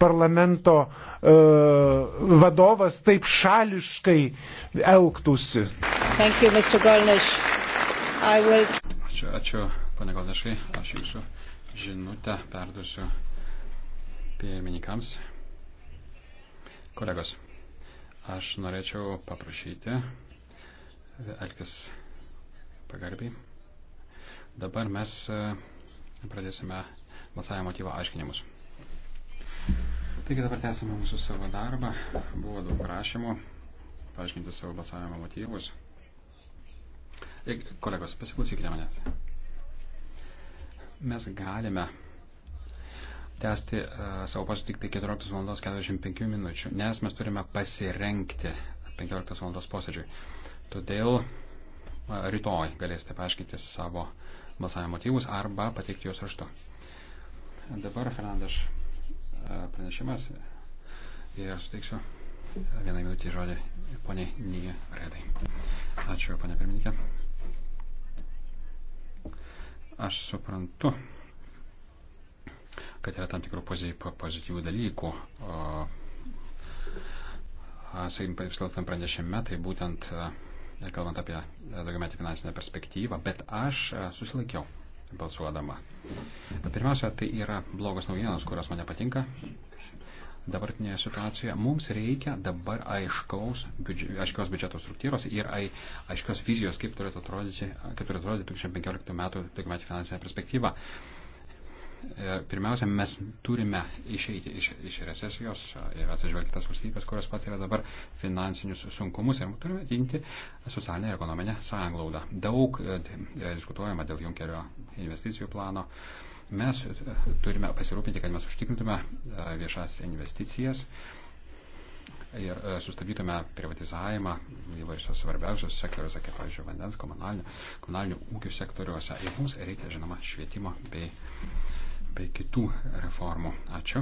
parlamento e, vadovas taip šališkai elgtųsi. Thank you, will... Ačiū, ačiū, pane Galnešai, aš jūsų žinutę perdusiu pirmininkams. Kolegos, aš norėčiau paprašyti elgtis pagarbiai. Dabar mes e, pradėsime balsavimo motyvo aiškinimus. Taigi dabar tęsime mūsų savo darbą. Buvo daug prašymų paaiškinti savo balsavimo motyvus. Ir, kolegos, pasiklausykite manęs. Mes galime tęsti uh, savo posėdį tik tai 14 val. 45 minučių, nes mes turime pasirenkti 15 val. posėdžiui. Todėl uh, rytoj galėsite paaiškinti savo balsavimo motyvus arba pateikti juos raštu. Dabar Fernandas pranešimas ir suteiksiu vieną minutį žodį poniai Nija Redai. Ačiū, ponia pirmininkė. Aš suprantu, kad yra tam tikrų pozityvių dalykų. Sakykime, paskelbtam pranešime, tai būtent kalbant apie daugiametį finansinę perspektyvą, bet aš susilaikiau balsuodama. Pirmiausia, tai yra blogos naujienos, kurios man nepatinka. Dabartinėje situacijoje mums reikia dabar aiškaus, aiškios biudžeto struktūros ir aiškios vizijos, kaip turėtų atrodyti, kaip turėtų atrodyti 2015 metų, metų finansinė perspektyva. E, pirmiausia, mes turime išeiti iš, iš recesijos e, ir atsižvelgti tas valstybės, kurios patiria dabar finansinius sunkumus ir turime ginti socialinę ir ekonominę sąnglaudą. Daug e, diskutuojama dėl Junkerio investicijų plano. Mes turime pasirūpinti, kad mes užtikrintume viešas investicijas ir sustabdytume privatizavimą įvairios svarbiausios sektoriuose, kaip, pavyzdžiui, vandens, komunalinių, komunalinių ūkių sektoriuose. Ir mums reikia, žinoma, švietimo bei bei kitų reformų. Ačiū.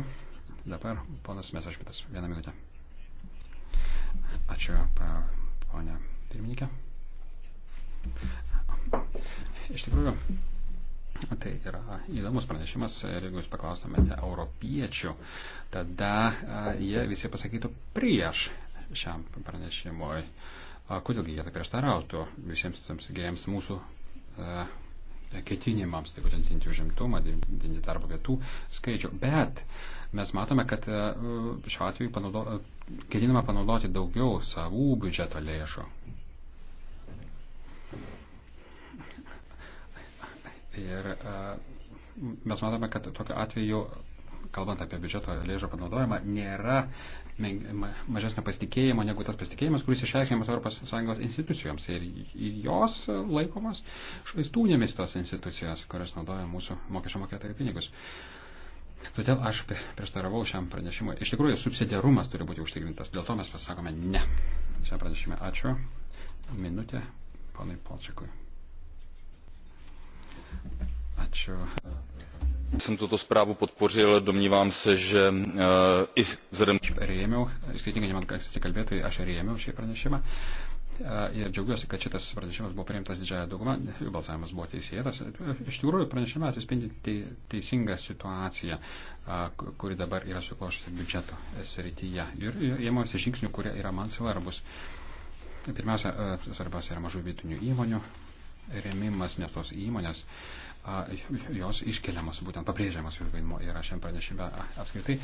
Dabar ponas Mesašvitas, vieną minutę. Ačiū, ponė pirmininkė. Iš tikrųjų, tai yra įdomus pranešimas ir jeigu jūs paklaustumėte europiečių, tada jie visi pasakytų prieš šiam pranešimui. Kodėlgi jie tai prieštarautų visiems tiems geriems mūsų ketinimams, tai būtent didinti užimtumą, didinti darbo vietų skaičių. Bet mes matome, kad e, šiuo atveju panaudo, ketinama panaudoti daugiau savų biudžeto lėšų. Ir e, mes matome, kad tokiu atveju kalbant apie biudžeto lėšų panaudojimą, nėra mažesnio pasitikėjimo negu tas pasitikėjimas, kuris išreikšinamas ES institucijoms. Ir, ir jos laikomas švaistūnėmis tos institucijos, kurios naudoja mūsų mokesčio mokėtojų pinigus. Todėl aš prieštaravau šiam pranešimui. Iš tikrųjų, subsidiarumas turi būti užtikrintas. Dėl to mes pasakome ne. Šiam pranešimui ačiū. Minutė ponai Polčikui. Ačiū jsem tuto zprávu podpořil domnívám se že eh, i vzhledem k rėmiau skirtingai man ankstesni kalbėtojai aš rėmiau šį pranešimą eh, ir džiaugiuosi kad šitas pranešimas buvo priimtas didžiąja dauguma balsavimas buvo teisėtas iš tikrųjų pranešime atsispindi teisinga situacija eh, kuri dabar yra suklošusi biudžeto srityje ir ėmėsi žingsnių kurie yra man svarbus pirmiausia svarbiausia yra mažų vidutinių įmonių rėmimas nes tos įmonės uh, jos iškeliamas, būtent pabrėžiamas jų vaidmo yra šiame pranešime apskritai.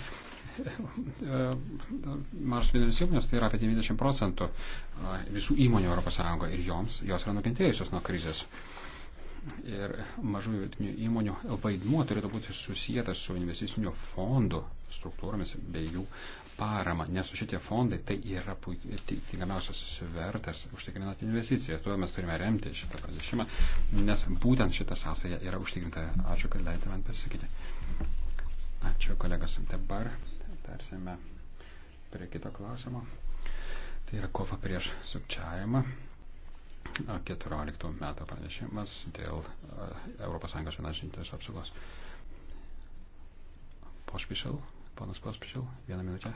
Mažas vidutinis įmonės tai yra apie 90 procentų visų įmonių ES ir joms, jos yra nukentėjusios nuo krizės. Ir mažų vidutinių įmonių vaidmuo turėtų būti susijęs su investicinių fondų struktūromis bei jų paramą, nes šitie fondai tai yra puikiai, tinkamiausias svertas užtikrinant investicijas. Tuo mes turime remti šitą pranešimą, nes būtent šita sąsaja yra užtikrinta. Ačiū, kad leidėte man pasisakyti. Ačiū, kolegos. Dabar tarsime prie kito klausimo. Tai yra kova prieš sukčiavimą. 14 metų pranešimas dėl ES finansinės apsaugos. Pošpišalų. Panas Paspišil, vieną minutę.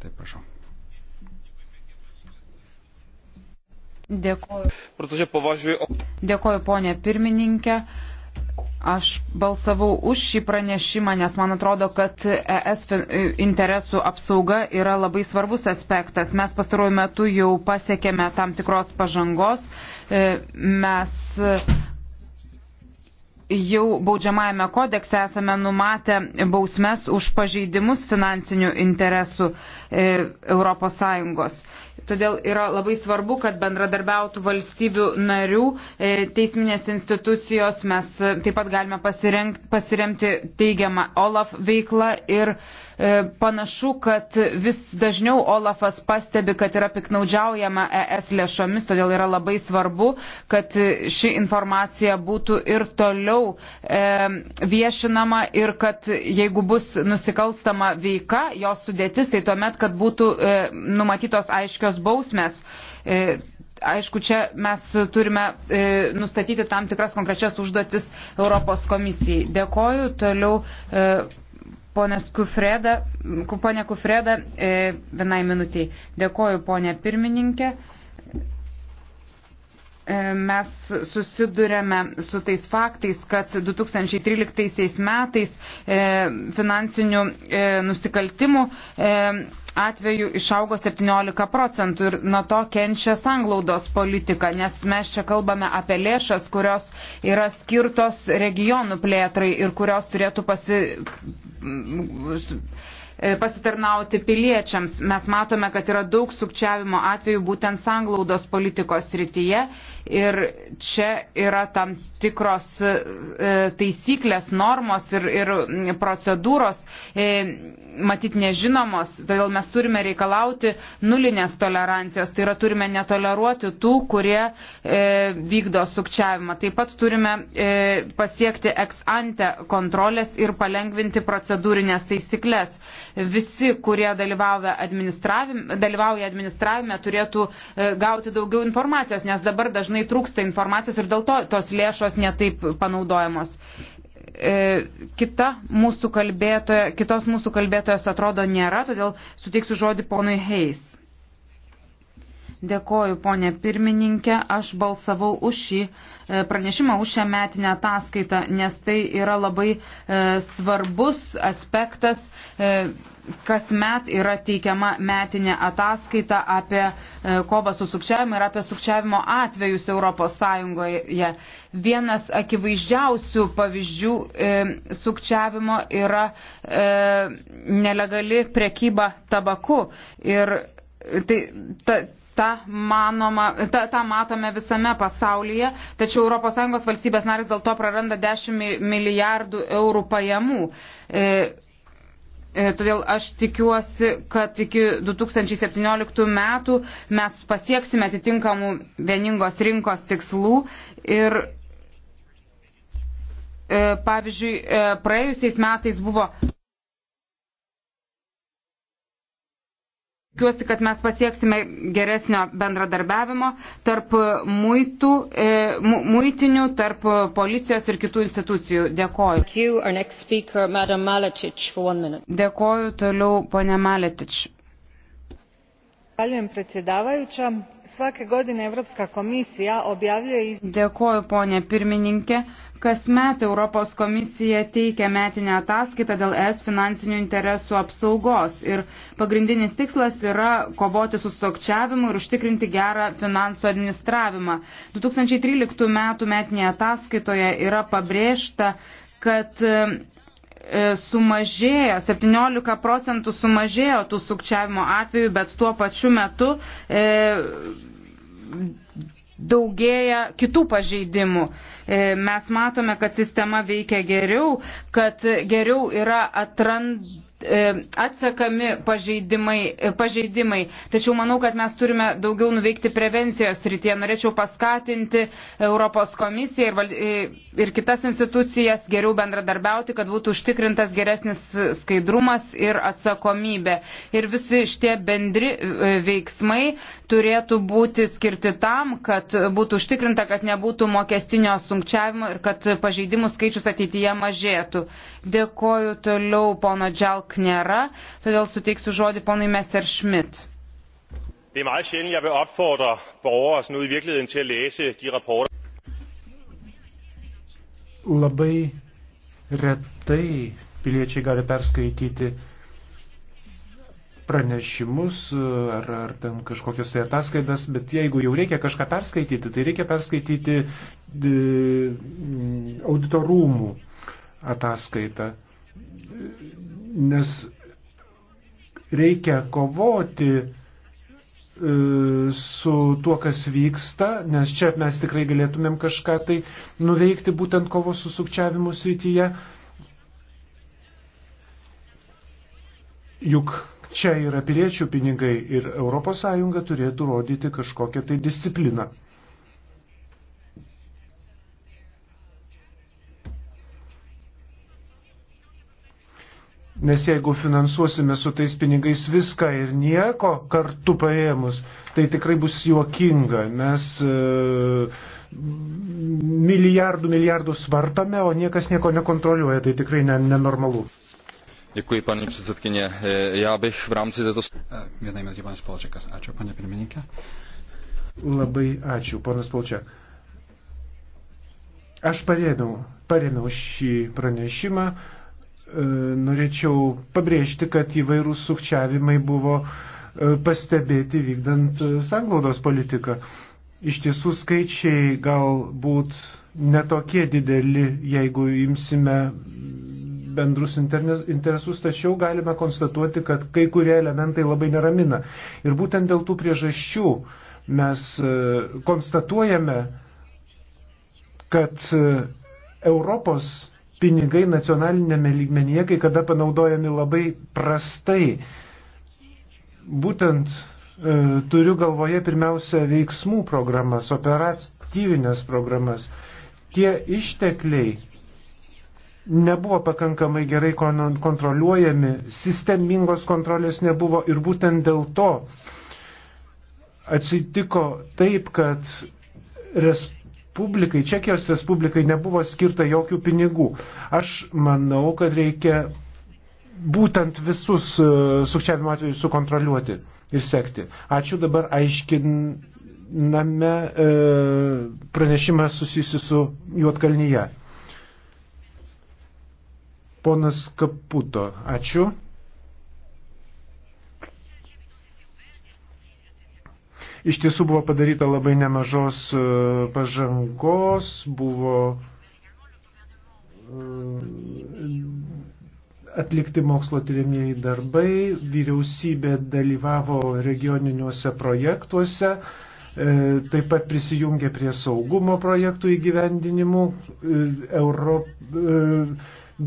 Taip, prašau. Dėkoju. Dėkoju, ponė pirmininkė. Aš balsavau už šį pranešimą, nes man atrodo, kad ES e, interesų apsauga yra labai svarbus aspektas. Mes pastaruoju metu jau pasiekėme tam tikros pažangos. E, mes jau baudžiamajame kodekse esame numatę bausmes už pažeidimus finansinių interesų ES. Todėl yra labai svarbu, kad bendradarbiautų valstybių narių e, teisminės institucijos. Mes e, taip pat galime pasiremti teigiamą OLAF veiklą ir E, panašu, kad vis dažniau Olafas pastebi, kad yra piknaudžiaujama ES lėšomis, todėl yra labai svarbu, kad ši informacija būtų ir toliau e, viešinama ir kad jeigu bus nusikalstama veika, jos sudėtis, tai tuomet, kad būtų e, numatytos aiškios bausmės aišku, čia mes turime e, nustatyti tam tikras konkrečias užduotis Europos komisijai. Dėkoju. Toliau e, Ponas Kufreda, ponė Kufreda, e, vienai minutiai. Dėkoju, ponė pirmininkė. E, mes susidurėme su tais faktais, kad 2013 metais e, finansinių nusikaltimų atveju išaugo 17 procentų ir nuo to kenčia sanglaudos politika, nes mes čia kalbame apie lėšas, kurios yra skirtos regionų plėtrai ir kurios turėtų pasi E, pasitarnauti piliečiams. Mes matome, kad yra daug sukčiavimo atvejų būtent sanglaudos politikos srityje ir čia yra tam tikros e, taisyklės, normos ir, ir procedūros e, matyt nežinomos, todėl mes turime reikalauti nulinės tolerancijos, tai yra turime netoleruoti tų, kurie vykdo sukčiavimą. Taip pat turime pasiekti ex ante kontrolės ir palengvinti procedūrinės taisyklės visi, kurie dalyvauja administravime, dalyvauja administravime turėtų e, gauti daugiau informacijos, nes dabar dažnai trūksta informacijos ir dėl to tos lėšos netaip panaudojamos. E, kita mūsų kalbėtoja, kitos mūsų kalbėtojos atrodo nėra, todėl suteiksiu žodį ponui Heis. Dėkoju, ponė pirmininkė. Aš balsavau už šį e, pranešimą, už šią metinę ataskaitą, nes tai yra labai e, svarbus aspektas. E, kasmet yra teikiama metinė ataskaita apie e, kovą su sukčiavimu ir apie sukčiavimo atvejus ES. Vienas akivaizdžiausių pavyzdžių e, sukčiavimo yra e, nelegali prekyba tabaku. Ir e, tai, ta, Ta, manoma, ta, ta matome visame pasaulyje, tačiau ES valstybės narės dėl to praranda 10 milijardų eurų pajamų. E, e, Todėl aš tikiuosi, kad iki 2017 metų mes pasieksime atitinkamų vieningos rinkos tikslų ir e, pavyzdžiui e, praėjusiais metais buvo Tikiuosi, kad mes pasieksime geresnio bendradarbiavimo tarp muitų, e, muitinių, tarp policijos ir kitų institucijų. Dėkoju. Dėkoju toliau, ponė Maletič. Zahvaljujem predsjedavajuća. Svake godine Europska komisija objavljuje... Dėkoju, ponė pirmininkė. Kasmet Europos komisija teikia metinę ataskaitą dėl ES finansinių interesų apsaugos ir pagrindinis tikslas yra kovoti su sokčiavimu ir užtikrinti gerą finansų administravimą. 2013 metų metinėje ataskaitoje yra pabrėžta, kad e, sumažėjo, 17 procentų sumažėjo tų sukčiavimo atvejų, bet tuo pačiu metu e, daugėja kitų pažeidimų. E, mes matome, kad sistema veikia geriau, kad geriau yra atrandama E, atsakami pažeidimai, e, pažeidimai. Tačiau manau, kad mes turime daugiau nuveikti prevencijos rytie. Norėčiau paskatinti Europos komisiją ir, e, ir kitas institucijas geriau bendradarbiauti, kad būtų užtikrintas geresnis skaidrumas ir atsakomybė. Ir visi šitie bendri veiksmai turėtų būti skirti tam, kad būtų užtikrinta, kad nebūtų mokestinio sunkčiavimo ir kad pažeidimų skaičius ateityje mažėtų. Dėkoju toliau pono Dželk tiesiog nėra, todėl suteiksiu žodį ponui Mester Schmidt. Det er meget sjældent, jeg vil opfordre borgere sådan ude i virkeligheden til at læse de rapporter. Labai retai piliečiai gali perskaityti pranešimus e, ar, ar ten kažkokias tai ataskaitas, bet jeigu jau reikia kažką perskaityti, tai reikia perskaityti e, auditorumų ataskaitą nes reikia kovoti e, su tuo, kas vyksta, nes čia mes tikrai galėtumėm kažką tai nuveikti būtent kovos su sukčiavimu srityje. Juk čia yra piliečių pinigai ir ES turėtų rodyti kažkokią tai discipliną. Nes jeigu finansuosime su tais pinigais viską ir nieko kartu paėmus, tai tikrai bus juokinga. Mes uh, e, miliardų milijardus vartame, o niekas nieko nekontroliuoja. Tai tikrai ne, nenormalu. Děkuji, paní předsedkyně. E, já bych v rámci této... E, Vienai minutė, panas Polčiakas. Ačiū, panė pirmininkė. Labai ačiū, panas Polčiak. Aš parėmiau, parėmiau šį pranešimą E, norėčiau pabrėžti, kad įvairūs sukčiavimai buvo e, pastebėti vykdant e, sanglaudos politiką. Iš tiesų skaičiai galbūt netokie dideli, jeigu imsime bendrus interesus, tačiau galime konstatuoti, kad kai kurie elementai labai neramina. Ir būtent dėl tų priežasčių mes konstatuojame, kad Europos pinigai nacionalinėme lygmenyje kai kada panaudojami labai prastai. Būtent e, turiu galvoje pirmiausia veiksmų programas, operatyvinės programas. Tie ištekliai nebuvo pakankamai gerai kontroliuojami, sistemingos kontrolės nebuvo ir būtent dėl to atsitiko taip, kad resp Respublikai, Čekijos Respublikai nebuvo skirta jokių pinigų. Aš manau, kad reikia būtent visus e, sukčiavimo atvejus sukontroliuoti ir sekti. Ačiū dabar aiškiname e, pranešimą susijusi su Juotkalnyje. Ponas Kaputo, ačiū. Iš tiesų buvo padaryta labai nemažos e, pažangos, buvo e, atlikti mokslo tyrimieji darbai, vyriausybė dalyvavo regioniniuose projektuose, e, taip pat prisijungė prie saugumo projektų įgyvendinimų. Euro,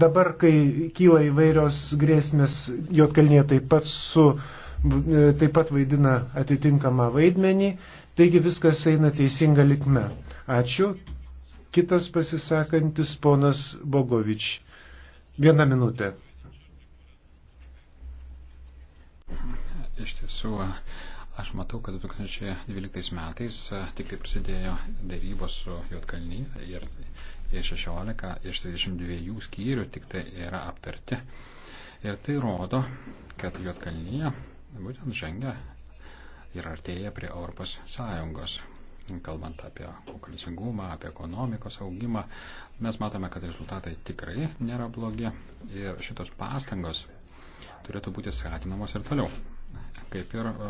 dabar, kai kyla įvairios grėsmės, Jotkalnie taip pat su E, taip pat vaidina atitinkamą vaidmenį, taigi viskas eina teisinga likme. Ačiū. Kitas pasisakantis ponas Bogovič. Vieną minutę. Iš tiesų, Aš matau, kad 2012 metais tik tai prasidėjo darybos su Jotkalny ir, ir 16 iš 32 skyrių tik tai yra aptarti. Ir tai rodo, kad Jotkalnyje būtent žengia ir artėja prie Europos Sąjungos. Kalbant apie konkurencingumą, apie ekonomikos augimą, mes matome, kad rezultatai tikrai nėra blogi ir šitos pastangos turėtų būti skatinamos ir toliau, kaip ir e,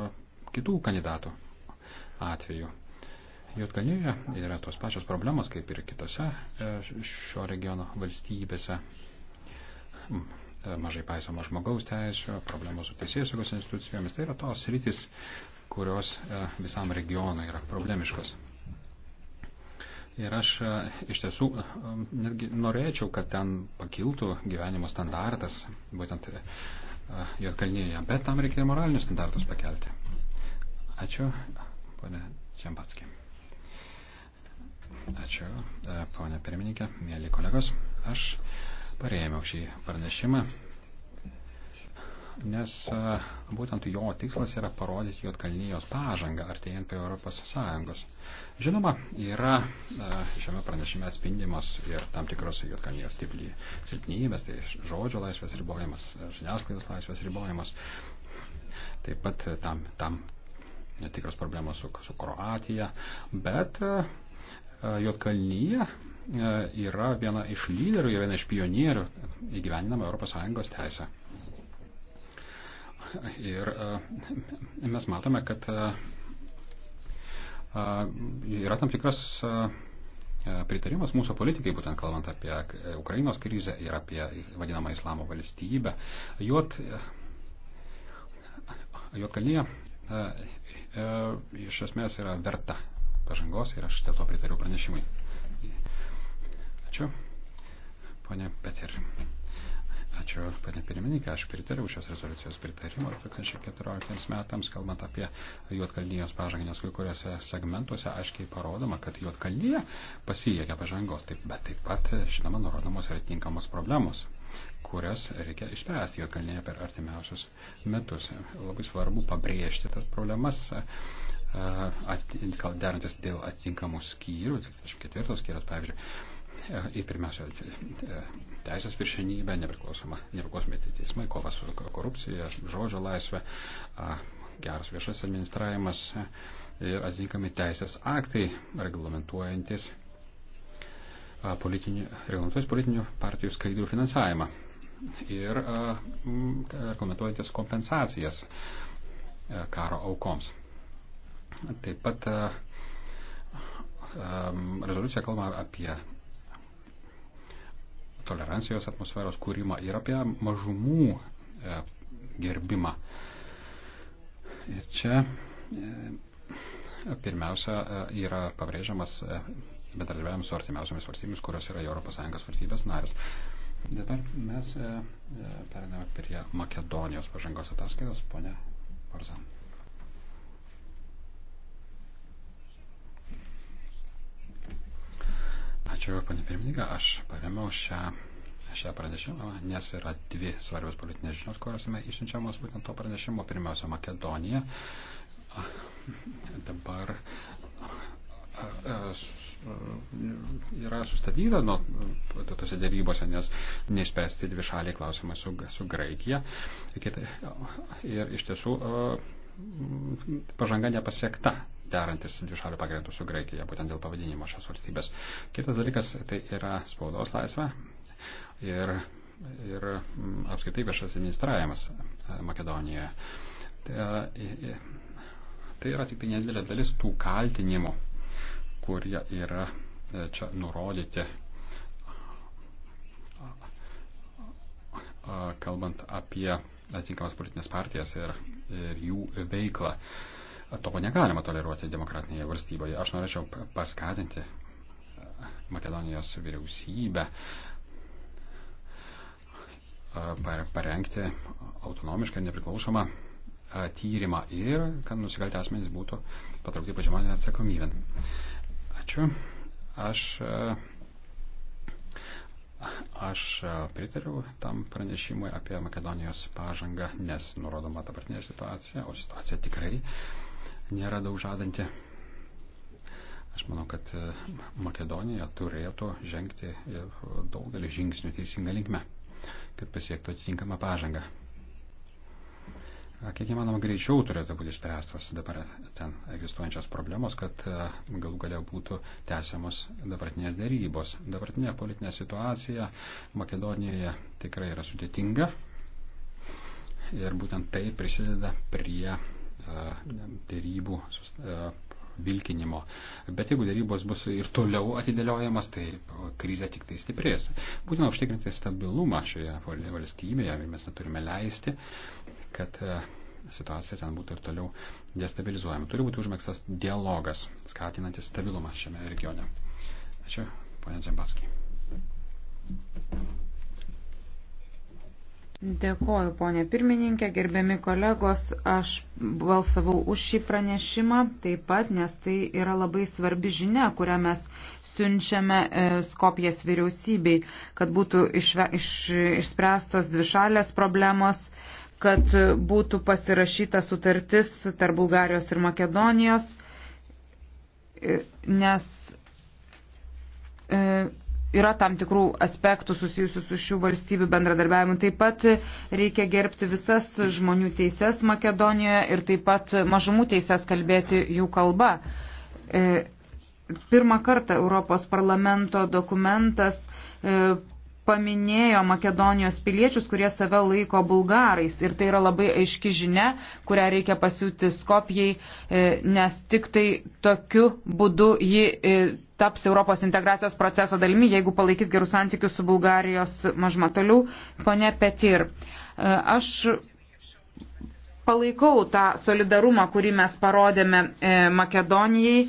kitų kandidatų atveju. Jotkalnyje yra tos pačios problemos, kaip ir kitose e, šio regiono valstybėse E, mažai paisoma žmogaus teisų, problemos su teisėsaugos institucijomis. Tai yra tos rytis, kurios e, visam regionui yra problemiškos. Ir aš e, iš tiesų netgi norėčiau, kad ten pakiltų gyvenimo standartas, būtent Jotkalnyje, bet tam reikia moralinius standartus pakelti. Ačiū, ponė Čempatskė. Ačiū, ponė pirmininkė, mėly kolegos. Aš parėmiau šį pranešimą, nes būtent jo tikslas yra parodyti Juotkalnyjos pažangą artėjant prie Europos Sąjungos. Žinoma, yra šiame pranešime atspindimos ir tam tikros Juotkalnyjos silpnybės, tai žodžio laisvės ribojimas, žiniasklaidos laisvės ribojimas, taip pat tam, tam netikros problemos su, su Kroatija, bet Juotkalnyje E, yra viena iš lyderių, viena iš pionierių įgyveninama ES teisė. Ir e, mes matome, kad e, yra tam tikras pritarimas mūsų politikai, būtent kalbant apie Ukrainos krizę ir apie vadinamą islamo valstybę. Juot, juotkalnyje iš esmės yra verta pažangos ir aš dėl to pritariu pranešimui. Ačiū. Pone Peter. Ačiū, panė pirmininkė, aš pritariau šios rezoliucijos pritarimo 2014 metams, kalbant apie Juotkalnyjos pažangą, nes kai kuriuose segmentuose aiškiai parodoma, kad Juotkalnyje pasiekia pažangos, taip, bet taip pat, žinoma, nurodomos ir tinkamos problemos kurias reikia išspręsti Juotkalnyje per artimiausius metus. Labai svarbu pabrėžti tas problemas, derantis dėl atitinkamų skyrių, 24 skyrius, pavyzdžiui į pirmiausia teisės viršenybę, nepriklausomai teismai, kova su korupcija, žodžio laisvė, geras viešas administravimas ir atitinkami teisės aktai reglamentuojantis politinių, reglamentuojantis politinių partijų skaidrų finansavimą ir reglamentuojantis kompensacijas karo aukoms. Taip pat rezoliucija kalba apie tolerancijos atmosferos kūrimą ir apie mažumų e, gerbimą. Ir čia e, pirmiausia e, yra pabrėžiamas bendradarbiavimas su artimiausiamis valstybėmis, kurios yra ES valstybės narės. Dabar mes periname prie Makedonijos pažangos ataskaitos, ponia Barzan. Ačiū, panė pirmininkė, aš paremiau šią, šią pranešimą, nes yra dvi svarbios politinės žinios, kurios yra išsiunčiamos būtent to pranešimo. Pirmiausia, Makedonija. Dabar yra sustabdyta nuo tose dėrybose, nes neišspręsti dvi šaliai klausimai su, su Graikija. Ir iš tiesų pažanga nepasiekta derantis dvišalių pagrindų su Graikija, būtent dėl pavadinimo šios valstybės. Kitas dalykas tai yra spaudos laisvė ir, ir mm, apskaitai viešas administravimas e, Makedonijoje. Tai, e, tai yra tik tai nedidelė dalis tų kaltinimų, kurie yra e, čia nurodyti kalbant apie atitinkamas politinės partijas ir, ir jų veiklą. Uh, To negalima toleruoti demokratinėje valstybėje. Aš norėčiau paskatinti e, Makedonijos vyriausybę e, parengti autonomišką ir nepriklausomą e, tyrimą ir kad nusikaltę asmenys būtų patraukti pažymonę atsakomybę. Ačiū. Aš, aš pritariu tam pranešimui apie Makedonijos pažangą, nes nurodoma dabartinė situacija, o situacija tikrai nėra daug žadanti. Aš manau, kad e, Makedonija turėtų žengti e, daugelį žingsnių teisingą linkmę, kad pasiektų atitinkamą pažangą. Kiek įmanoma greičiau turėtų būti išspręstos dabar ten egzistuojančios problemos, kad e, galų galia būtų tęsiamos dabartinės dėrybos. Dabartinė politinė situacija Makedonijoje tikrai yra sudėtinga ir būtent tai prisideda prie E, dėrybų e, vilkinimo. Bet jeigu dėrybos bus ir toliau atidėliojamas, tai krizė tik tai stiprės. Būtina užtikrinti stabilumą šioje valstybėje ir mes neturime leisti, kad e, situacija ten būtų ir toliau destabilizuojama. Turi būti užmėgstas dialogas, skatinantis stabilumą šiame regione. Ačiū, ponia Džembavskiai. Dėkoju, ponė pirmininkė, gerbiami kolegos, aš balsavau už šį pranešimą taip pat, nes tai yra labai svarbi žinia, kurią mes siunčiame e, Skopijas vyriausybei, kad būtų išve, iš, išspręstos dvišalės problemos, kad būtų pasirašyta sutartis tarp Bulgarijos ir Makedonijos, e, nes. E, yra tam tikrų aspektų susijusių su šių valstybių bendradarbiavimu. Taip pat reikia gerbti visas žmonių teises Makedonijoje ir taip pat mažumų teises kalbėti jų kalba. E, pirmą kartą Europos parlamento dokumentas e, paminėjo Makedonijos piliečius, kurie save laiko bulgarais. Ir tai yra labai aiški žinia, kurią reikia pasiūti Skopijai, e, nes tik tai tokiu būdu ji e, taps Europos integracijos proceso dalimi, jeigu palaikys gerus santykius su Bulgarijos mažma. Toliau, ponė Petir, e, aš palaikau tą solidarumą, kurį mes parodėme Makedonijai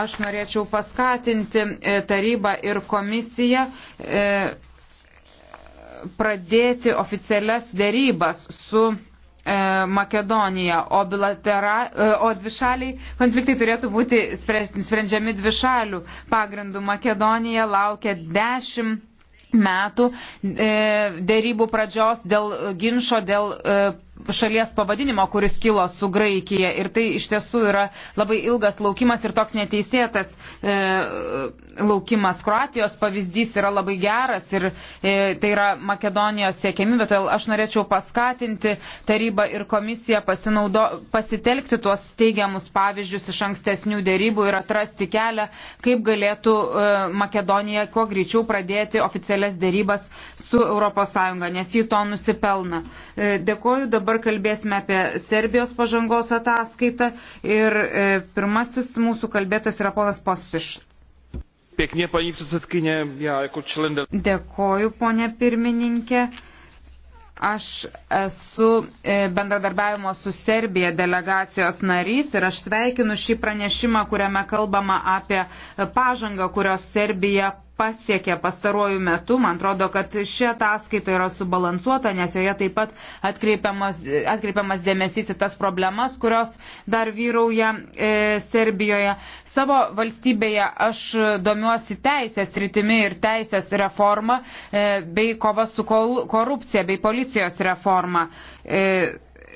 aš norėčiau paskatinti tarybą ir komisiją pradėti oficialias dėrybas su e, Makedonija, o, bilatera, e, o dvišaliai konfliktai turėtų būti sprendžiami dvišalių pagrindų. Makedonija laukia dešimt metų e, dėrybų pradžios dėl ginčo, dėl šalies pavadinimo, kuris kilo su Graikija. Ir tai iš tiesų yra labai ilgas laukimas ir toks neteisėtas e, laukimas. Kroatijos pavyzdys yra labai geras ir e, tai yra Makedonijos siekėmybė. Todėl aš norėčiau paskatinti tarybą ir komisiją pasinaudo, pasitelkti tuos teigiamus pavyzdžius iš ankstesnių dėrybų ir atrasti kelią, kaip galėtų e, Makedonija kuo greičiau pradėti oficialias dėrybas su ES, nes jį to nusipelna. E, dėkoju dabar. Dabar kalbėsime apie Serbijos pažangos ataskaitą ir e, pirmasis mūsų kalbėtojas yra ponas Pospiš. Pėknė, panie prisatkinė, ja, jako člendė. Dėkoju, ponė pirmininkė. Aš esu e, bendradarbiavimo su Serbija delegacijos narys ir aš sveikinu šį pranešimą, kuriame kalbama apie pažangą, kurios Serbija pasiekė pastaruoju metu. Man atrodo, kad ši ataskaita yra subalansuota, nes joje taip pat atkreipiamas, atkreipiamas dėmesys į tas problemas, kurios dar vyrauja e, Serbijoje. Savo valstybėje aš domiuosi teisės rytimi ir teisės reforma e, bei kova su kol, korupcija bei policijos reforma. E,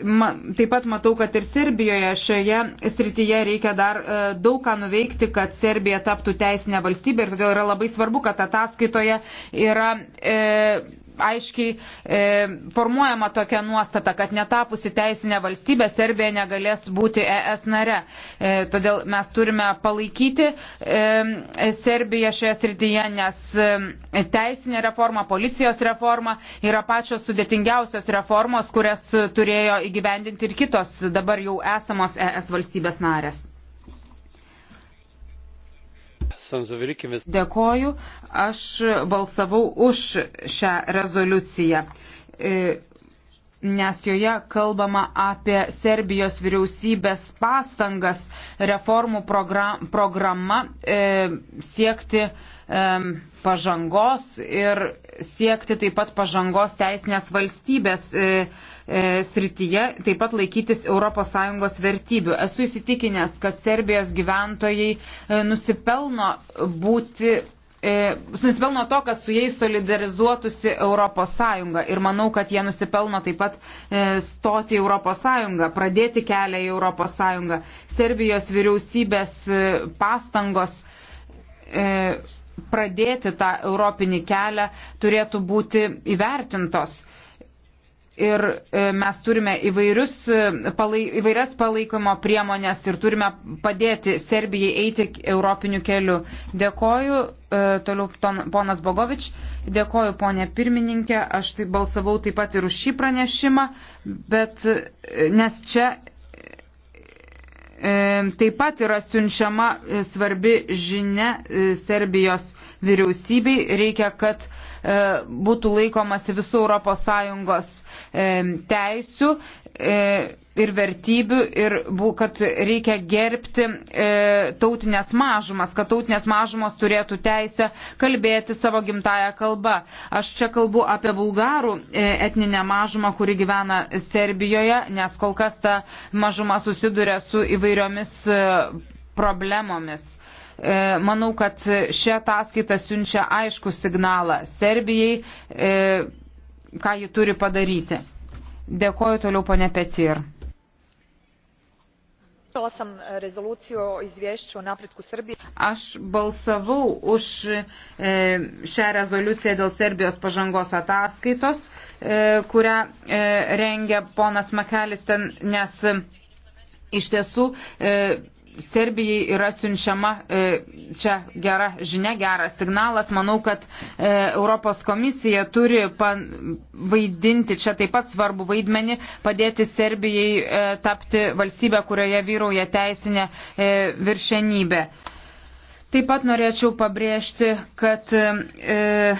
ma, taip pat matau, kad ir Serbijoje šioje srityje reikia dar e, daug ką nuveikti, kad Serbija taptų teisinė valstybė ir todėl yra labai svarbu, kad ataskaitoje yra. E, aiškiai e, formuojama tokia nuostata, kad netapusi teisinė valstybė Serbija negalės būti ES nare. E, todėl mes turime palaikyti e, Serbiją šioje srityje, nes e, teisinė reforma, policijos reforma yra pačios sudėtingiausios reformos, kurias turėjo įgyvendinti ir kitos dabar jau esamos ES valstybės narės. Dėkoju, aš balsavau už šią rezoliuciją e, nes joje kalbama apie Serbijos vyriausybės pastangas reformų program, programa e, siekti e, pažangos ir siekti taip pat pažangos teisinės valstybės. E, E, srityje taip pat laikytis ES vertybių. Esu įsitikinęs, kad Serbijos gyventojai e, nusipelno būti e, nusipelno to, kad su jais solidarizuotųsi Europos Sąjunga ir manau, kad jie nusipelno taip pat stoti į Europos Sąjungą, pradėti kelią į Europos Sąjungą. Serbijos vyriausybės pastangos pradėti tą europinį kelią turėtų būti įvertintos ir e, mes turime įvairius, e, palai, įvairias palaikomo priemonės ir turime padėti Serbijai eiti europiniu keliu. Dėkoju, e, toliau ponas Bogovič, dėkoju ponė pirmininkė, aš tai balsavau taip pat ir už šį pranešimą, bet nes čia E, taip pat yra siunčiama e, svarbi žinia e, Serbijos vyriausybei. Reikia, kad būtų laikomasi visų ES teisių ir vertybių ir kad reikia gerbti e, tautinės mažumas, kad tautinės mažumos turėtų teisę kalbėti savo gimtają kalbą. Aš čia kalbu apie bulgarų e, etninę mažumą, kuri gyvena Serbijoje, nes kol kas ta mažuma susiduria su įvairiomis e, problemomis. E, manau, kad šią ataskaitą siunčia aišku signalą Serbijai, e, ką ji turi padaryti. Dėkoju toliau, ponė Petir. E, Aš balsavau už e, šią rezoliuciją dėl Serbijos pažangos ataskaitos, e, kurią rengia ponas Makelis ten, nes iš tiesų Serbijai yra siunčiama e, čia gera žinia, geras signalas. Manau, kad e, Europos komisija turi vaidinti čia taip pat svarbu vaidmenį, padėti Serbijai e, tapti valstybę, kurioje vyrauja teisinė viršenybė. Taip pat norėčiau pabrėžti, kad e,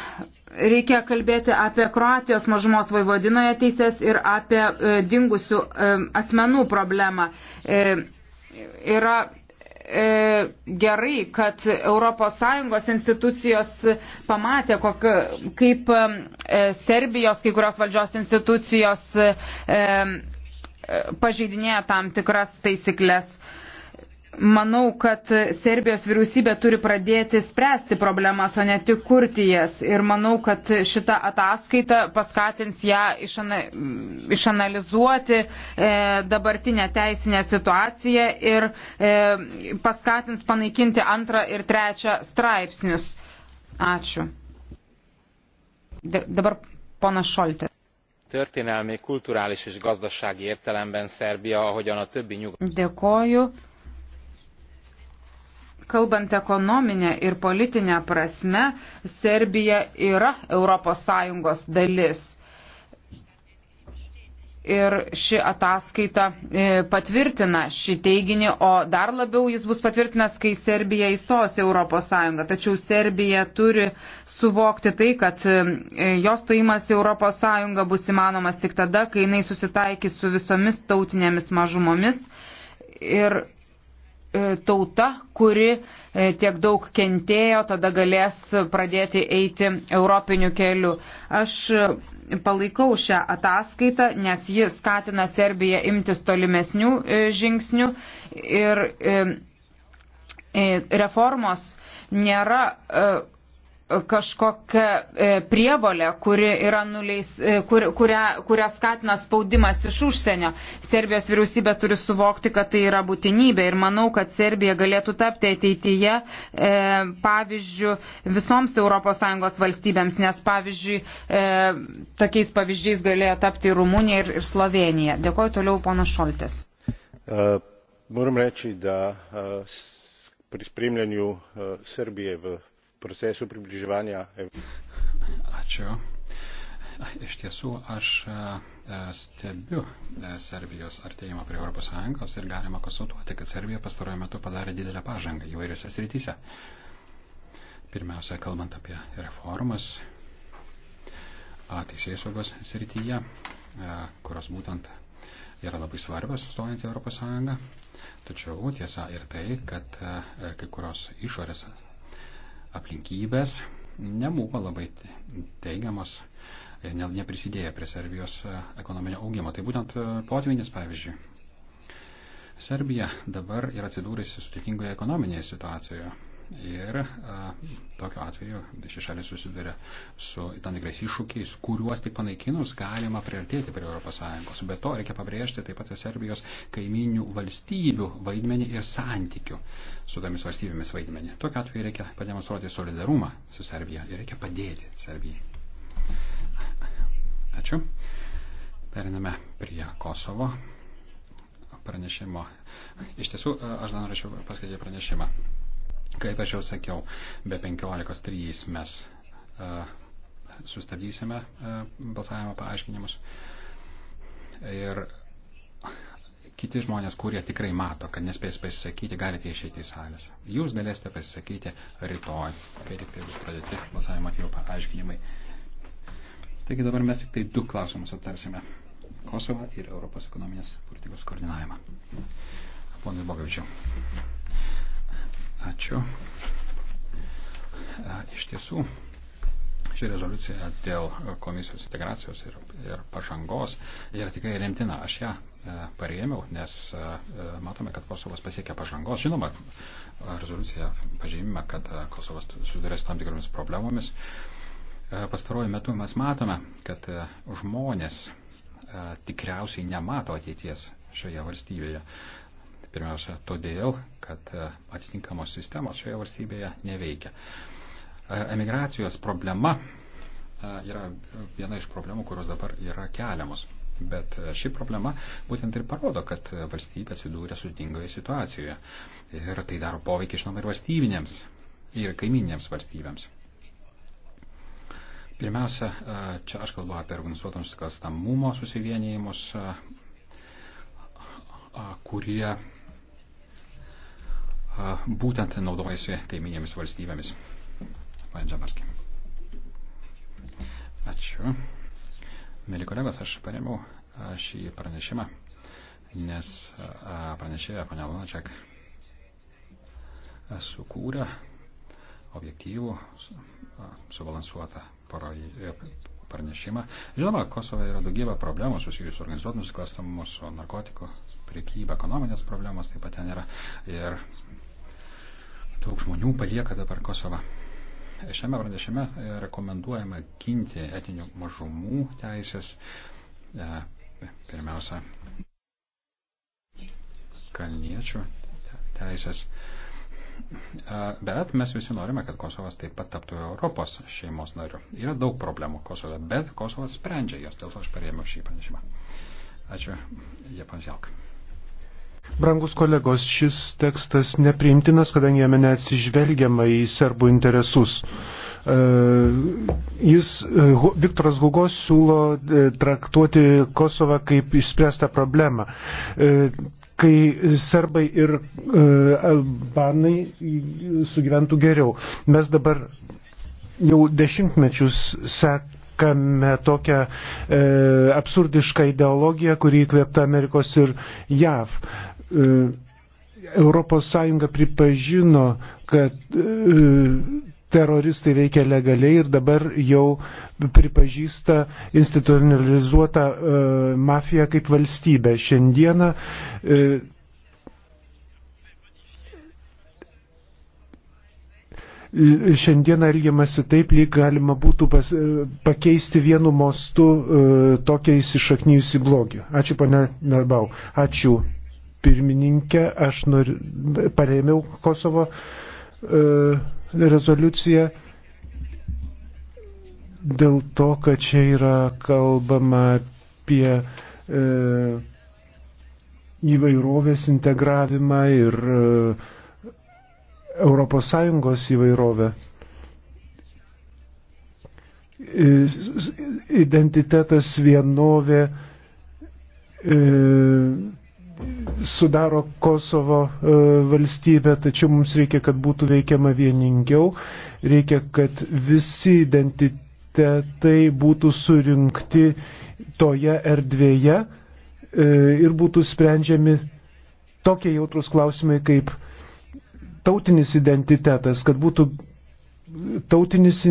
reikia kalbėti apie Kroatijos mažumos vaivadinoje teises ir apie e, dingusių e, asmenų problemą. E, yra e, gerai, kad ES institucijos pamatė, kokio, kaip e, Serbijos kai kurios valdžios institucijos e, pažeidinėja tam tikras taisyklės. Manau, kad Serbijos vyriausybė turi pradėti spręsti problemas, o ne tik kurti jas. Ir manau, kad šita ataskaita paskatins ją išana, išanalizuoti e, dabartinę teisinę situaciją ir e, paskatins panaikinti antrą ir trečią straipsnius. Ačiū. De, dabar pana Šoltė történelmi kulturális és gazdasági értelemben szerbia ahogyan a többi nyugat kalbant ekonominę ir politinę prasme, Serbija yra ES dalis. Ir ši ataskaita e, patvirtina šį teiginį, o dar labiau jis bus patvirtinas, kai Serbija įstos Europos Sąjungą. Tačiau Serbija turi suvokti tai, kad e, jos stojimas Europos Sąjungą bus įmanomas tik tada, kai jinai susitaikys su visomis tautinėmis mažumomis. Ir E, tauta, kuri e, tiek daug kentėjo, tada galės pradėti eiti europiniu keliu. Aš e, palaikau šią ataskaitą, nes ji skatina Serbiją imtis tolimesnių žingsnių ir reformos nėra kažkokia e, prievolė, kuri yra nuleis, e, kur, kurią, kurią skatina spaudimas iš užsienio. Serbijos vyriausybė turi suvokti, kad tai yra būtinybė ir manau, kad Serbija galėtų tapti ateityje e, pavyzdžių visoms ES valstybėms, nes pavyzdžiui e, tokiais pavyzdžiais galėjo tapti Rumunija ir, ir Slovenija. Dėkoju toliau, pono Šoltis. Uh, e, moram reči, da uh, pri spremljanju uh, Srbije v procesu približevanja. Ačiū. Iš tiesų, aš e, e, stebiu e, Serbijos artėjimą prie ES ir galima konstatuoti, kad Serbija pastaruoju metu padarė didelę pažangą įvairiose srityse. Pirmiausia, kalbant apie reformas teisėjų saugos srityje, kurios būtent yra labai svarbios stojant į ES. Tačiau tiesa ir tai, kad kai kurios išorės aplinkybės nebuvo labai teigiamos ir neprisidėjo prie Serbijos e, ekonominio augimo. Tai būtent e, potvinis, pavyzdžiui. Serbija dabar yra atsidūrusi sudėtingoje ekonominėje situacijoje. Ir a, tokiu atveju ši šalis susiduria su tam tikrais iššūkiais, kuriuos tik panaikinus galima priartėti prie ES. Be to reikia pabrėžti taip pat Serbijos kaiminių valstybių vaidmenį ir santykių su tomis valstybėmis vaidmenį. Tokiu atveju reikia pademonstruoti solidarumą su Serbija ir reikia padėti Serbijai. Ačiū. Periname prie Kosovo pranešimo. Iš tiesų, aš dar norėčiau paskaityti pranešimą. Kaip aš jau sakiau, be 15.3 mes e, sustabdysime e, balsavimo paaiškinimus. Ir kiti žmonės, kurie tikrai mato, kad nespės pasisakyti, galite išeiti į salės. Jūs galėsite pasisakyti rytoj, kai tik tai bus pradėti balsavimo atveju paaiškinimai. Taigi dabar mes tik tai du klausimus aptarsime. Kosovą ir Europos ekonominės politikos koordinavimą. Ponas Bogavičiau. Ačiū. E, iš tiesų, ši rezoliucija dėl komisijos integracijos ir, ir pažangos yra tikrai rimtina. Aš ją e, parėmiau, nes e, matome, kad Kosovas pasiekia pažangos. Žinoma, rezoliucija pažymima, kad Kosovas susiduria su tam tikromis problemomis. Pastaruoju metu mes matome, kad žmonės tikriausiai nemato ateities šioje valstybėje. Pirmiausia, todėl, kad e, atitinkamos sistemos šioje valstybėje neveikia. E, emigracijos problema e, yra viena iš problemų, kurios dabar yra keliamos. Bet ši problema būtent ir parodo, kad valstybė atsidūrė sudingoje situacijoje. Ir tai daro poveikį žinoma ir valstybinėms, ir kaiminėms valstybėms. Pirmiausia, čia aš kalbu apie organizuotų nusikalstamumo susivienijimus, kurie būtent naudojasi kaiminėmis valstybėmis. Pane Džabarskė. Ačiū. Mėly kolegos, aš paremiau šį pranešimą, nes pranešėja ponia Lunačiak sukūrė objektyvų, subalansuotą e, pranešimą. Žinoma, Kosovo yra daugybė problemų susijusių su organizuotų nusikalstamumu, su narkotikų priekyba, ekonominės problemos taip pat ten yra. Ir daug žmonių palieka dabar Kosovą. Šiame pranešime e, rekomenduojama ginti etinių mažumų teisės. E, pirmiausia, kalniečių teisės. E, bet mes visi norime, kad Kosovas taip pat taptų Europos šeimos nariu. Yra daug problemų Kosove, bet Kosovas sprendžia jas, dėl to aš parėmiau šį pranešimą. Ačiū, Japonžiauk. Brangus kolegos, šis tekstas nepriimtinas, kadangi jame neatsižvelgiama į serbų interesus. E, jis, e, Viktoras Hugo siūlo e, traktuoti Kosovą kaip išspręstą problemą. Kai serbai ir albanai sugyventų geriau. Mes dabar jau dešimtmečius sekame sekame tokią e, absurdišką ideologiją, kurį įkvėpta Amerikos ir JAV. E, Europos Sąjunga pripažino, kad e, teroristai veikia legaliai ir dabar jau pripažįsta institucionalizuotą e, mafiją kaip valstybę. Šiandieną šiandieną elgiamasi taip, lyg galima būtų pas, pakeisti vienu mostu e, tokią įsišaknyjusi blogį. Ačiū, pane Narbau. Ačiū pirmininkę, aš nor, paremiau Kosovo e, rezoliuciją dėl to, kad čia yra kalbama apie e, įvairovės integravimą ir e, ES įvairovę identitetas, vienovė, e, sudaro Kosovo e, valstybę, tačiau mums reikia, kad būtų veikiama vieningiau, reikia, kad visi identitetai būtų surinkti toje erdvėje e, ir būtų sprendžiami tokie jautrus klausimai kaip tautinis identitetas, kad būtų tautinis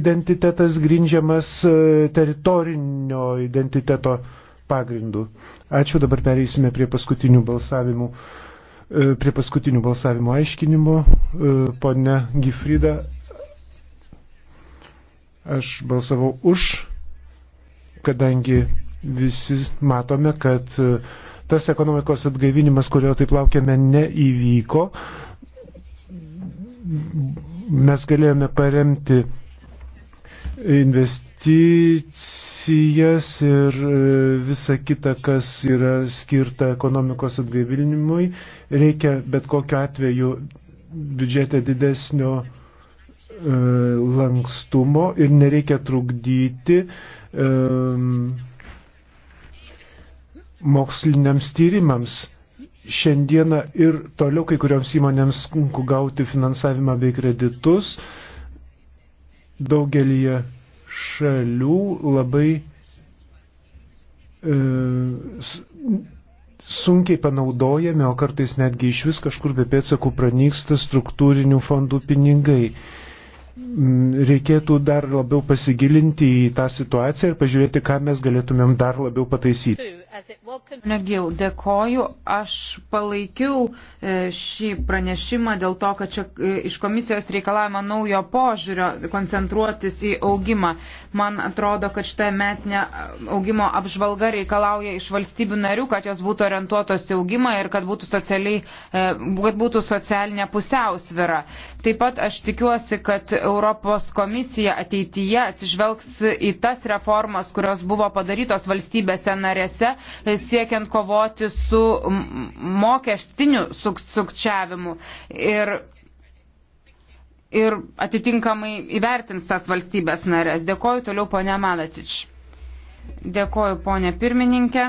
identitetas grindžiamas e, teritorinio identiteto pagrindų. Ačiū, dabar pereisime prie paskutinių balsavimų, e, prie paskutinių balsavimų aiškinimo. E, Pone Gifrida, aš balsavau už, kadangi visi matome, kad e, tas ekonomikos atgaivinimas, kurio taip laukiame, neįvyko. Mes galėjome paremti investicijų pensijas ir e, visa kita, kas yra skirta ekonomikos atgaivilinimui. Reikia bet kokiu atveju biudžete didesnio e, lankstumo ir nereikia trukdyti moksliniams tyrimams. Šiandieną ir toliau kai kurioms įmonėms sunku gauti finansavimą bei kreditus. Daugelį šalių labai e, sunkiai panaudojami, o kartais netgi iš vis kažkur be pėtsakų pranyksta struktūrinių fondų pinigai. Mm, reikėtų dar labiau pasigilinti į tą situaciją ir pažiūrėti, ką mes galėtumėm dar labiau pataisyti. Negil, dėkoju. Aš palaikiau e, šį pranešimą dėl to, kad čia e, iš komisijos reikalavimo naujo požiūrio koncentruotis į augimą. Man atrodo, kad šitą metinę e, augimo apžvalgą reikalauja iš valstybių narių, kad jos būtų orientuotos į augimą ir kad būtų, kad būtų socialinė pusiausvira. Taip pat aš tikiuosi, kad Europos komisija ateityje atsižvelgs į tas reformas, kurios buvo padarytos valstybėse narėse siekiant kovoti su mokestiniu suk sukčiavimu. Ir Ir atitinkamai įvertins tas valstybės narės. Dėkoju toliau ponia Malatič. Dėkoju ponia pirmininkė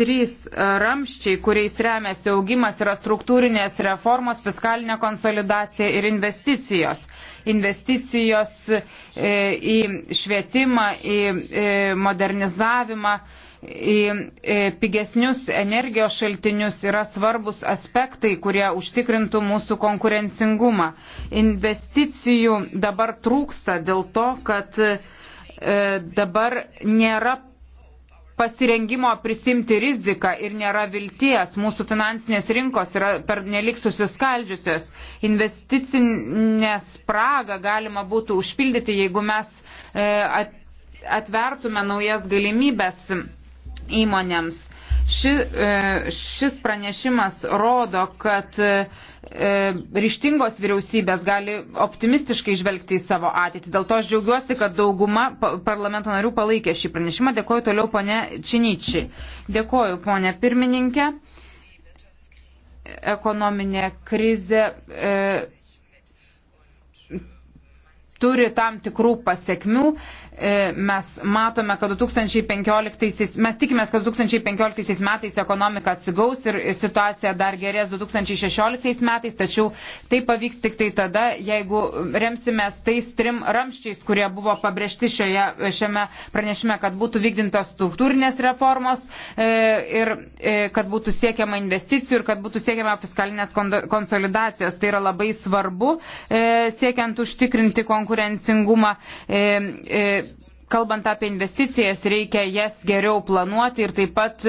trys ramščiai, kuriais remiasi augimas, yra struktūrinės reformos, fiskalinė konsolidacija ir investicijos. Investicijos e, į švietimą, į e, modernizavimą, į e, pigesnius energijos šaltinius yra svarbus aspektai, kurie užtikrintų mūsų konkurencingumą. Investicijų dabar trūksta dėl to, kad dabar nėra pasirengimo prisimti riziką ir nėra vilties. Mūsų finansinės rinkos yra per nelik susiskaldžiusios. Investicinę spragą galima būtų užpildyti, jeigu mes e, atvertume naujas galimybės įmonėms. Ši, e, šis pranešimas rodo, kad e, E, ryštingos vyriausybės gali optimistiškai žvelgti į savo ateitį. Dėl to aš džiaugiuosi, kad dauguma parlamento narių palaikė šį pranešimą. Dėkoju toliau ponė Činyčiai. Dėkoju ponė pirmininkė. Ekonominė krizė. E, turi tam tikrų pasiekmių. E, mes matome, kad 2015, mes tikimės, kad 2015 metais ekonomika atsigaus ir situacija dar gerės 2016 metais, tačiau tai pavyks tik tai tada, jeigu remsimės tais trim ramščiais, kurie buvo pabrėžti šioje, šiame pranešime, kad būtų vykdintos struktūrinės reformos e, ir e, kad būtų siekiama investicijų ir kad būtų siekiama fiskalinės konsolidacijos. Tai yra labai svarbu siekiant užtikrinti konkurencingumą kalbant apie investicijas, reikia jas geriau planuoti ir taip pat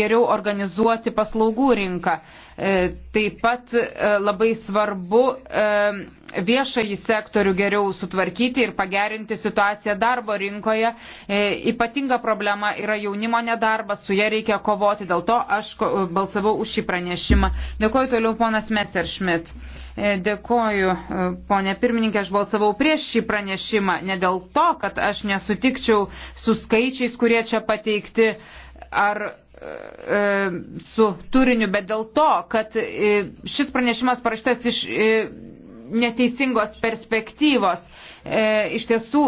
geriau organizuoti paslaugų rinką. E, taip pat e, labai svarbu e, viešąjį sektorių geriau sutvarkyti ir pagerinti situaciją darbo rinkoje. Ypatinga problema yra jaunimo nedarbas, su ja reikia kovoti, dėl to aš balsavau už šį pranešimą. Dėkuoju toliau ponas Messerschmidt. E, dėkoju, e, ponė pirmininkė, aš balsavau prieš šį pranešimą, ne dėl to, kad aš nesutikčiau su skaičiais, kurie čia pateikti, ar e, su turiniu, bet dėl to, kad šis pranešimas paraštas iš neteisingos perspektyvos. Iš tiesų,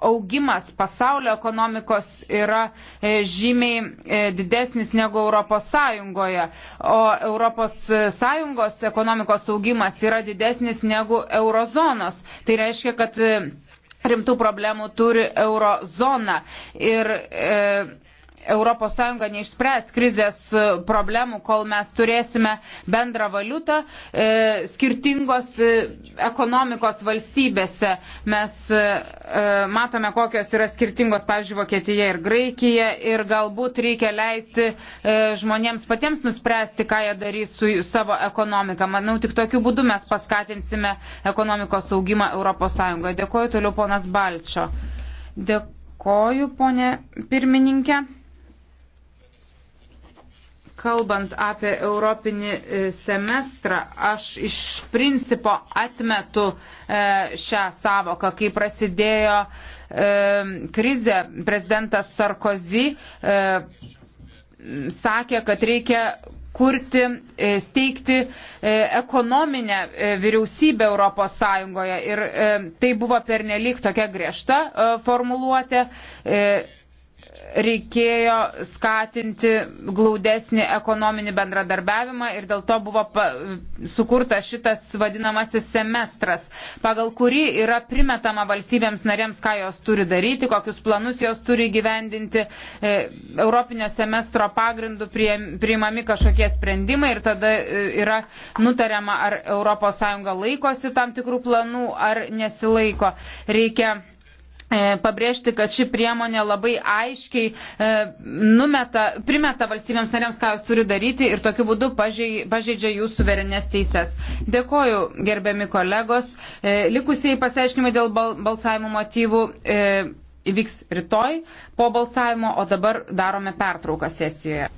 augimas pasaulio ekonomikos yra e, žymiai e, didesnis negu Europos Sąjungoje, o Europos Sąjungos ekonomikos augimas yra didesnis negu eurozonos. Tai reiškia, kad e, rimtų problemų turi eurozona. Ir, e, ES neišspręs krizės e, problemų, kol mes turėsime bendrą valiutą e, skirtingos e, ekonomikos valstybėse. Mes matome, kokios yra skirtingos, pavyzdžiui, Vokietija ir Graikija ir galbūt reikia leisti žmonėms patiems nuspręsti, ką jie darys su savo ekonomika. Manau, tik tokiu būdu mes paskatinsime ekonomikos augimą ES. Dėkuoju toliau ponas Balčio. Dėkuoju, ponė pirmininkė kalbant apie Europinį e, semestrą, aš iš principo atmetu e, šią savoką, kai prasidėjo e, krizė, prezidentas Sarkozy sakė, kad reikia kurti, steigti ekonominę vyriausybę Europos Sąjungoje. Ir tai buvo pernelyg tokia griežta formuluotė reikėjo skatinti glaudesnį ekonominį bendradarbiavimą ir dėl to buvo pa, sukurtas šitas vadinamasis semestras, pagal kurį yra primetama valstybėms narėms, ką jos turi daryti, kokius planus jos turi gyvendinti. E, Europinio semestro pagrindų prie, priimami kažkokie sprendimai ir tada e, yra nutariama, ar ES laikosi tam tikrų planų, ar nesilaiko. Reikia E, pabrėžti, kad ši priemonė labai aiškiai e, numeta, primeta valstybėms narėms, ką jos turi daryti ir tokiu būdu pažeidžia jų suverenės teises. Dėkoju, gerbiami kolegos. E, likusieji pasiaiškinimai dėl balsavimo motyvų įvyks rytoj po balsavimo, o dabar darome pertrauką sesijoje.